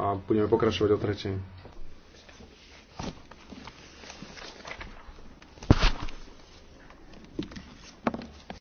a budeme pokračovať o tretej.